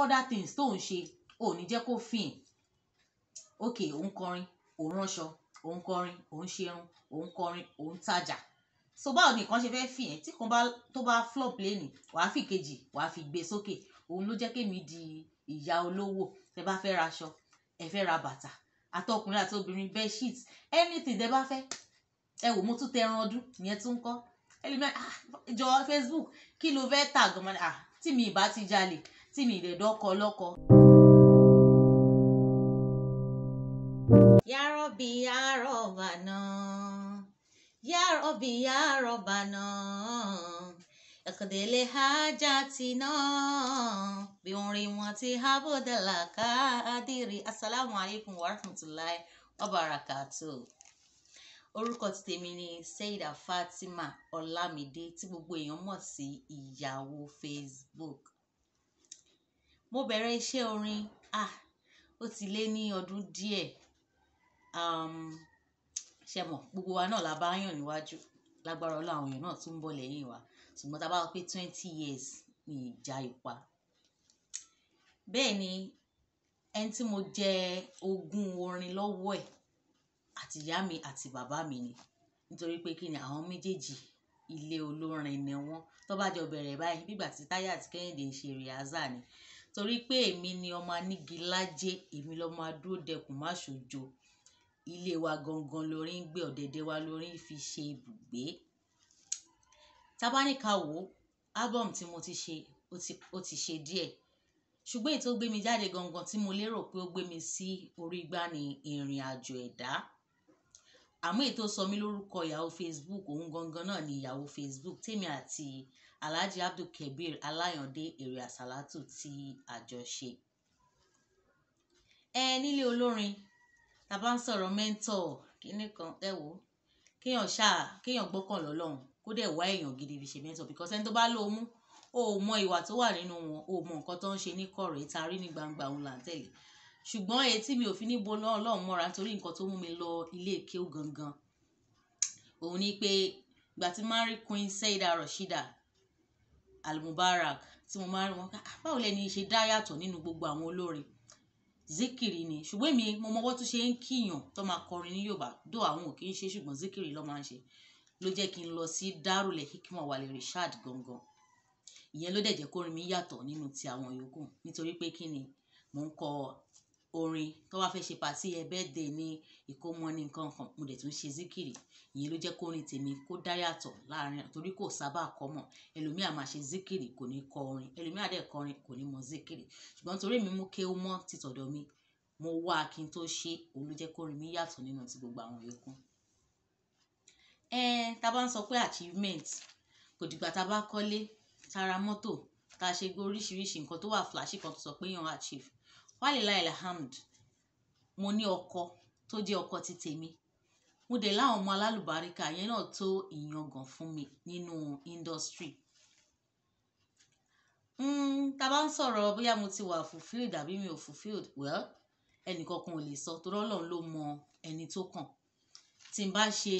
other things tó ń ṣe ò ní jẹ́ kó fìn ok òun kọrin òun ránṣọ òun kọrin òun ṣerun òun kọrin òun tajà so báwo ni nǹkan ṣe fẹ́ fìn ẹ́ tí kan bá tó bá flop lẹ́nì wàá fi kejì wàá fi gbé sókè òun ló jẹ́ kémi di ìyá olówó tẹ bá fẹ́ raṣọ ẹ fẹ́ ra bàtà àtọkùnrin àti obìnrin bed sheet anything tẹ bá fẹ́ ẹ wò mo tún tẹran ọdún ìyẹn tún kọ́ ẹlẹ́mìíràn ah, jọ Facebook kí ló fẹ́ tà ah. an tí mi ì bá ti jalè tí mi lè dọ́kọ lọ́kọ. yàrá bí yàrá ọba náà yàrá bí yàrá ọba náà ẹ̀kọ́délé hájà tì náà bí orin wọn ti hábọ̀dàlà káàdìrí asalaamu wa rahmatulahi wa barakatuh orúkọ ti tèmi ni Saida Fatima Ọlámidé tí gbogbo èèyàn mọ̀ sí ìyàwó Facebook Mo bẹ̀rẹ̀ iṣẹ́ orin, ah! Ó ti lé ní ọdún díẹ̀. Àm, um, ṣé mọ̀, gbogbo wa náà la bá yàn níwájú. Lágbára Ọlọ́run, àwọn èèyàn náà tún ń bọ̀ lẹ́yìn wa. Ṣùgbọ́n tí a bá wí pé twenty years mi ì ja Bẹ́ẹ̀ ni, ẹni tí mo jẹ ogún orin lọ́wọ́ ẹ̀, àti ìyá mi àti bàbá mi ni. Nítorí pé kí ni àwọn méjèèjì ilé olórin ni wọ́n. Tó bá jọ bẹ̀rẹ̀ báyìí, bí ìgbà tí Táyé àti Kẹ́hìndé ń ṣe rehearsal ni torí pé èmi ni ọmọ anígilájé èmi lọmọ adúró dẹkùn má ṣojo ilé wa gangan lórí ń gbé ọ̀dẹ̀dẹ̀ wa lórí ń fi ṣe ibùgbé tabaníka wo album tí mo ti ṣe ó ti ṣe díẹ̀ ṣùgbọ́n èyí gbé mi jáde gangan tí mo lérò pé ó gbé mi sí orí gbá ni ìrìn àjò ẹ̀dá àmọ́ èyí tó sọ mí lórúkọ ìyàwó facebook òun gangan náà ni ìyàwó facebook tèmi àti alhaji abdulkabir alayande èrè àsálàtù tí àjọṣe. ẹ nílé olórin tá bá ń sọ̀rọ̀ mentor kíní kan ẹ wò kéèyàn ṣáà kéèyàn gbọ́kàn lọ́lọ́run kó dẹ̀ wá èèyàn gidi fi ṣe mentor because ẹni tó bá lóo mú o mọ ìwà tó wà nínú wọn o mọ nǹkan tó ń ṣe ní kọ̀rọ̀ ìta rí ní gbangba òun là ń tẹ̀lé ṣùgbọ́n etí mi ò fi ní bo náà lọ́hùn mọ́ra torí nǹkan tó mú mi lọ ilé kéwú gangan òun ni pé ìgbà tí máa Queen Saida Rashida Al-Mubarak tí mo máa ń rí wọn ká ah, báwo lẹni ṣe dá yàtọ̀ nínú gbogbo àwọn olórin zikiri ni ṣùgbọ́n èmi mo mọwọ́ tó ṣe ń kíyàn tó máa kọrin ní Yorùbá dó àwọn ò kì í ṣe ṣùgbọ́n zikiri ló máa ń ṣe ló jẹ́ kí n lọ sí Darul Hikmah Wale Rashad gangan ìyẹn ló dẹ̀ jẹ́ kórin mi yàtọ̀ nínú ti àwọn yòókù nítorí pé kí ni mò ń kọ orin tó bá fẹ́ ṣe pàtí ẹ birthday ni ìkómọ ní nǹkan kan mo dẹ̀ tún ṣe zikiri ìyẹn ló jẹ́ kó orin tèmi kó dá yàtọ̀ láàrin torí kò sábà kọ́ mọ̀ ẹlòmíà máa ṣe zikiri kò ní kọ orin ẹlòmíà dẹ̀ kọ orin kò ní mọ zikiri ṣùgbọ́n torí mi mú kéwú mọ́ títọ̀dọ̀ mi mo wá kí n tó ṣe òun ló jẹ́ kó orin mi yàtọ̀ nínú ti gbogbo àwọn yòókù. ẹ tá a bá ń sọ pé achievement kò dìgbà tá a bá kọ́lé tá mọ́tò tá a ṣe gbé oríṣiríṣi nǹkan tó wà flashy kan tó sọ pé yàn achieve wàlélà ilhamd mo ní ọkọ tó jẹ́ ọkọ ti tèmi mo dẹ̀ láwọn ọmọ alálùbáríkà yẹn náà tó ìyangàn fún mi nínú industry mm, tá a bá ń sọ̀rọ̀ bóyá mo ti wà fulfilled àbí mi ò fulfilled well ẹnìkankan ò lè sọ torí ọlọ́run ló mọ ẹni tó kàn tí n bá ṣe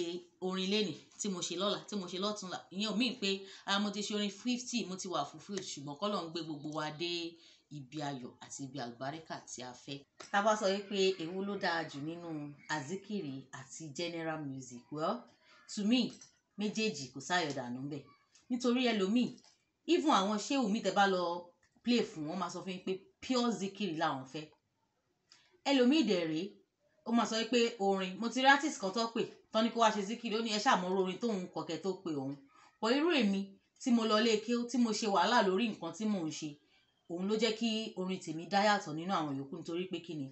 orin lẹ́nì tí mo ṣe lọ́la tí mo ṣe lọ́túnla ìyẹn ò míì pé ah mo ti ṣe orin fifty mo ti wà fulfilled ṣùgbọ́n kọ́ ló ń gbé gbogbo wa dé ibi ayọ̀ àti ibi àlùbáríkà tí a fẹ́. Tá bá sọ wípé èwo ló dáa jù nínú àzíkìrì àti general music, well, to me méjèèjì kò sáyọ̀ dànù bẹ́ẹ̀. Nítorí ẹlòmíì, even àwọn ṣéwù mi tí bá lọ play fún wọn máa sọ fún yín pé pure zikiri làwọn fẹ́. Ẹlòmíì dẹ̀ ré, ó máa sọ wípé orin, mo ti rí artist kan tó pè, tó ní kó wá ṣe zikiri, ó ní ẹ ṣà mọ orin tó ń kọ kẹ́ tó pé òun. But irú èmi tí mo lọ ilé kéwú, tí mo ṣe wàhálà lórí nǹkan tí mò ń ṣe, òun ló jẹ́ kí orin tèmi dá yàtọ̀ nínú àwọn yòókù nítorí pé kí ni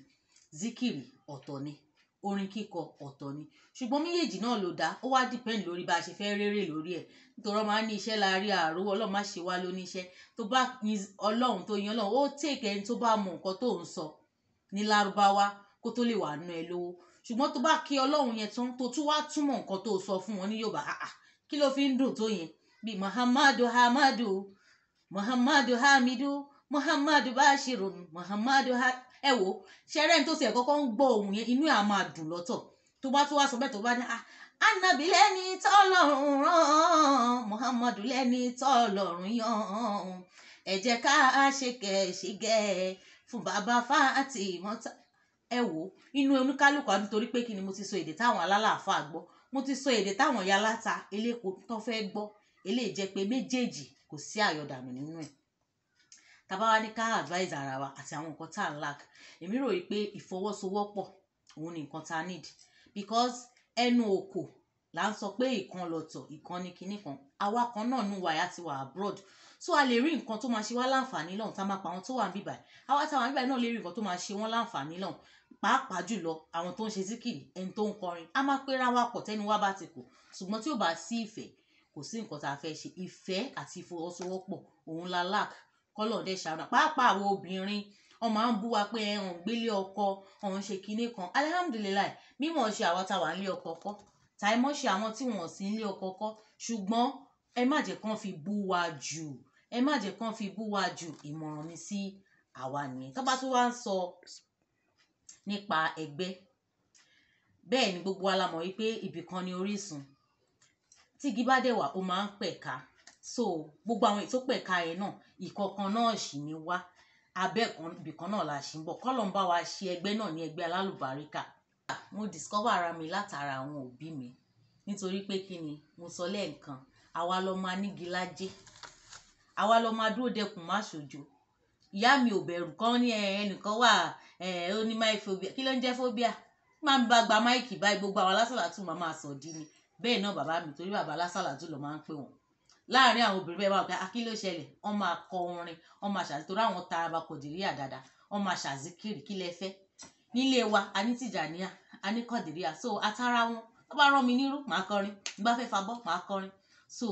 zikiri ọ̀tọ̀ ni orin kíkọ ọ̀tọ̀ ni ṣùgbọ́n méjèèjì náà ló dá ó wá dìpẹ́ǹd lórí bá a ṣe fẹ́ rere lórí ẹ̀ nítorí ọmọ á ní iṣẹ́ la rí àárò ọlọ́run má ṣe wá lóníṣẹ́ tó bá yin ọlọ́run tó yin ọlọ́run ó tèkè ẹni tó bá mọ nǹkan tó ń sọ ní lárúbáwá kó tó lè wà ná ẹ lówó ṣùgbọ́n tó bá kí ọlọ́run yẹn tán tó tún wá túmọ̀ nǹkan tó sọ fún wọn ní yorùbá àà kí ló fi ń dùn tó yẹn bíi muhammadu hamadu muhammadu hamidu muhammadu bashirun muhammadu ẹ wo ṣẹrẹ́ni tó sì ẹ̀ kọ́kọ́ ń gbọ́ ohun yẹn inú ẹ̀ á máa dùn lọ́tọ̀ tó bá tó wá sọ bẹ́ẹ̀ tó bá ní ah anabi lẹ́ni rán muhammadu lẹ́ni tọ́lọ́run yàn ẹ jẹ́ ká ṣe kẹ̀ṣígẹ̀ fún bàbá Fatima ẹ wo, inú oníkálukú àdúgbò torí pé kí ni mo ti sọ èdè táwọn alálàáfà gbọ́ mo ti sọ èdè táwọn yálà ta eléko tó fẹ́ gbọ́ eléyìí jẹ́ pé méjèèjì kò sí àyọ̀dànù nínú ẹ̀ tàbá wa ní ká advise ara wa àti àwọn nǹkan tá à ń lack èmi rò yí pé ìfọwọ́sowọ́pọ̀ òun ni nǹkan tá a need because ẹnu òkò là ń sọ pé ìkan lọ̀tọ̀ ìkan ní kinní kan àwa kan náà nù wáyà ti wà abroad so a lè rí nǹkan tó máa ṣe wá láǹfààní lọ́hùn tá a máa pa àwọn tó wà níbí báyìí àwa táwọn níbí báyìí náà lè rí nǹkan tó máa ṣe wọ́n láǹfààní lọ́hùn pàápàá jùlọ àwọn tó ń ṣe síkìrì ẹni tó ń kọrin a máa pera wa pọ̀ tẹ́nu wa bá ti kù ṣùgbọ́n tí ò bá sí ìfẹ́ kò sí nǹkan tá a fẹ́ ṣe ìfẹ́ àti ìfọwọ́sowọ́pọ̀ òun la lack kọ́lọ̀ dẹ̀ ṣàánú pàápàá àwọn obìnrin wọn máa ń bú wa pé ẹ̀hún gbélé ọkọ ọ̀hún ṣe kinní kan alihamudulilayi mímọ̀ ṣe àwọn táwa ń lé ọkọ kọ́ tàìmọ̀ ṣe àwọn tí wọ́n sì ń lé ọkọ kọ́ ṣùgbọ́n ẹ má jẹ́ kán fi bú wa jù ẹ má jẹ́ kán fi bú wa jù ìmọ̀ràn mi sí àwa nìyẹn tó bá tún wá ń sọ nípa ẹgbẹ́ bẹ́ẹ̀ ni gbogbo wa la mọ̀ wípé ibìkan ni orísun tígi bá dẹ̀ wà ó máa ń pẹ̀ka so gbogbo àwọn ètò pẹ̀ka ẹ̀ náà ìkọ̀kan náà sì ni wá abẹ́ ibìkan náà la ṣì ń bọ̀ kọ́ bá wa ṣe ẹgbẹ́ náà ní ẹgbẹ́ alálùbáríkà mo discover ara mi látara àwọn òbí mi nítorí pé kí ni mo sọ lẹ́ẹ̀kan àwa lọ máa nígi lájé àwa lọ máa dúró dẹkùn má ṣojo ìyá mi ò bẹ̀rù kan ní ẹnìkan wà ó kí ló ń jẹ́ fobia máa ń bá gba máìkì báyìí gbogbo àwọn alásàlátù máa máa sọ̀ di ni bẹ́ẹ̀ náà bàbá mi torí bàbá alásàlátù ló máa ń pè wọ́n láàárín àwọn obìnrin bẹ́ẹ̀ máa gbé akí ah, ló ṣẹlẹ̀ wọ́n máa kọ orin wọ́n máa ṣàzí torí àwọn taraba kò dìríyà dáadáa wọ́n máa ṣàzíkiri kí lẹ fẹ́ nílé wa a ní tìjàníà a ní kọ̀dìríyà so atara wọn tó bá rán mi nírú màá kọrin bá fẹ́ fabọ́ màá kọrin so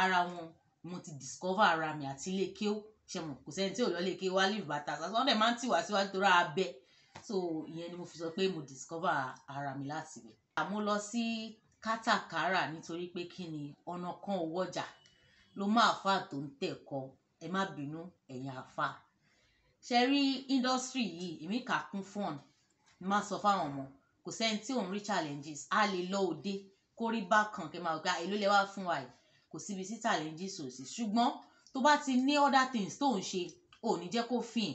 ara wọn mo ti discover ara mi àti ilé kéw ṣe mọ̀ kò sẹ́ni tí ò lọ lè ké wá lè bàtà sàṣọ wọn dẹ̀ máa ń tì wá síwájú torí abẹ so ìyẹn ni mo fi sọ pé mo discover ara mi láti bẹ̀. àmú lọ sí kátàkárà nítorí pé kí ni ọ̀nà kan ò wọ́jà ló mọ àáfàá tó ń tẹ̀ kọ ẹ má bínú ẹ̀yin àáfàá ṣe rí indọ́sítírì yìí èmi kà kún fún ọ̀n má sọ fáwọn ọmọ kò sẹ́ni tí òun rí challenges a lè lọ òde kó rí bákan kẹ́ máa gba èló lẹ́wà fún wa yìí kò síbi sí challenges ò sí ṣùgbọ́n tó bá ti ní other things tó ń ṣe ò ní jẹ́ kó fìn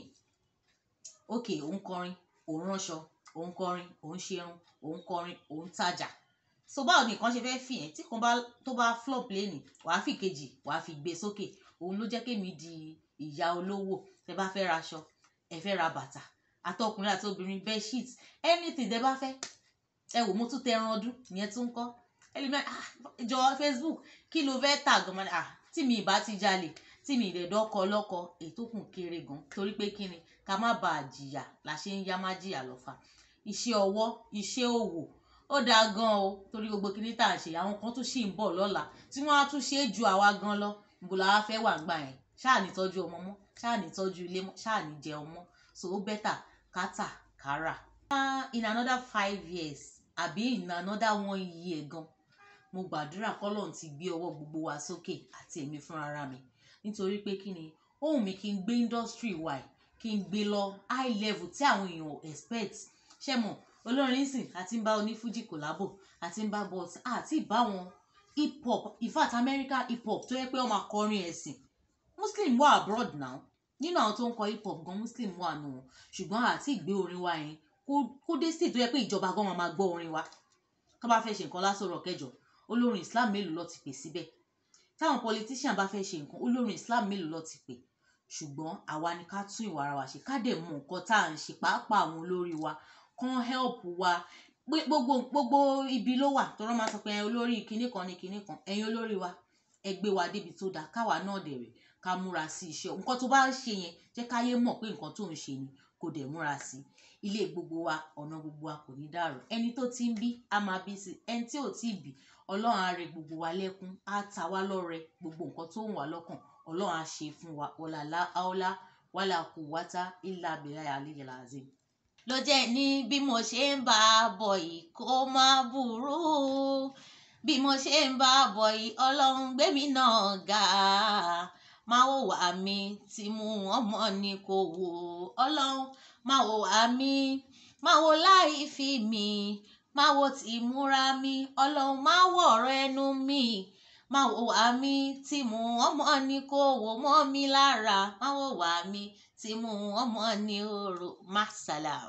ok òun kọrin òun ránṣọ òun kọrin òun ṣerun òun kọrin òun tajà so báwo ni nǹkan ṣe fẹ́ fì yẹn tí kan bá tó bá flop lẹ́nu wàá fi kejì wàá fi gbé sókè òun ló jẹ́ kémi di ìyá olówó tẹ bá fẹ́ raṣọ ẹ fẹ́ ra bàtà àtọkùnrin àti obìnrin bed sheet anything tẹ bá fẹ́ ẹ wò mo tún tẹ ẹran ọdún ìyẹn tún kọ́ ẹlẹ́mìíràn ah jọ Facebook kí ló fẹ́ tà gan-an ah tí mi ìbá ti jalè tí mi ìdẹ̀dọ́kọ lọ́kọ ètò kùn kéré gan torí pé kí ni ká má bàa jìyà la ṣe ń yá má jìyà lọ́fà iṣẹ́ ọwọ́ iṣẹ́ òwò ó dáa gan o torí gbogbo kinní tá à ń ṣe àwọn kan tún ṣì ń bọ̀ lọ́la tí wọ́n á tún ṣe é ju àwa gan lọ bó la wá wà gbà yẹn ṣáà ní tọ́jú ọmọ mọ́ ṣáà ní tọ́jú ilé mọ́ ṣáà ní jẹun mọ́ so ó bẹ́tà kátà kárà. in another five years àbí in another one year gan mo gbàdúrà kọ́lọ́n ti gbé ọwọ́ gbogbo wa sókè àti èmi fúnra mi nítorí pé kí ni ohun mi kí n gbé industry wa kí n gbé lọ high level tí àwọn èèyàn expect ṣé mọ̀ olórin sìn àti ń bá onífújì kòlábò àti ń bá bọ́ọ̀sì àti ìbá wọn hip hop in fact American hip hop tó yẹ pé wọ́n máa kọrin ẹ̀sìn Muslim wà abroad now nínú àwọn tó ń kọ hip hop gan Muslim wà nù wọn ṣùgbọ́n àti ìgbé orin wa yẹn kó dé sí tó yẹ pé ìjọba gan wọn máa gbọ́ orin wa tó bá fẹ́ ṣe nǹkan lásòrò kẹjọ olórin Islam mélòó ló ti pè síbẹ̀ táwọn politician bá fẹ́ ṣe nǹkan olórin Islam mélòó ló ti pè ṣùgbọ́n àwa ni ká tún ìwà ara wa ṣe ká dẹ̀ mú nǹkan tá à ń ṣe pàápàá àwọn olórí wa kán help wa pé gbogbo gbogbo ibi ló wà tọ́rọ́ máa sọ pé olórí kinní kan ni kinní kan ẹ̀yin olórí wa ẹ gbé wa débi tó dáa káwa náà dẹ̀rẹ̀ ká múra sí iṣẹ́ nǹkan tó bá ń ṣe yẹn jẹ́ káyé mọ̀ pé nǹkan tó ń ṣe ni kò dẹ̀ múra sí ilé gbogbo wa ọ̀nà gbogbo wa kò ní dàrú ẹni tó ti ń bí a máa bí sí ẹni tí ò tí ì bí ọlọ́run á rẹ gbogbo wa lẹ́kún á ta wá lọ́rẹ gbogbo nǹkan tó ń wà lọ́kàn ọlọ́run á ṣe fún wa ọ̀làlá ọ̀là wàlà wátá ìlà abẹ́rẹ́ àlejò làzim ló jẹ́ ní bí mo ṣe ń bá a bọ̀ yìí kó má burú bí mo ṣe ń bá a bọ̀ yìí ọlọ́run gbé mi náà ga máa wò wá mi tí mú ọmọ ni kò wò ọlọ́run máa wò wá mi máa wò láì fi mi máa wò tí múra mi ọlọ́run máa wọ̀ ọ̀rọ̀ ẹnu mi. Má wò wá mi tí mú ọmọ ni kò wò mọ́ mi lára. Má wò wá mi tí mú ọmọ ni òru. Má sàlám.